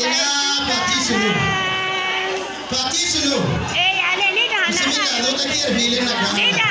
Parti sur nous. Et allez, les gars, les gars. Les gars, les gars.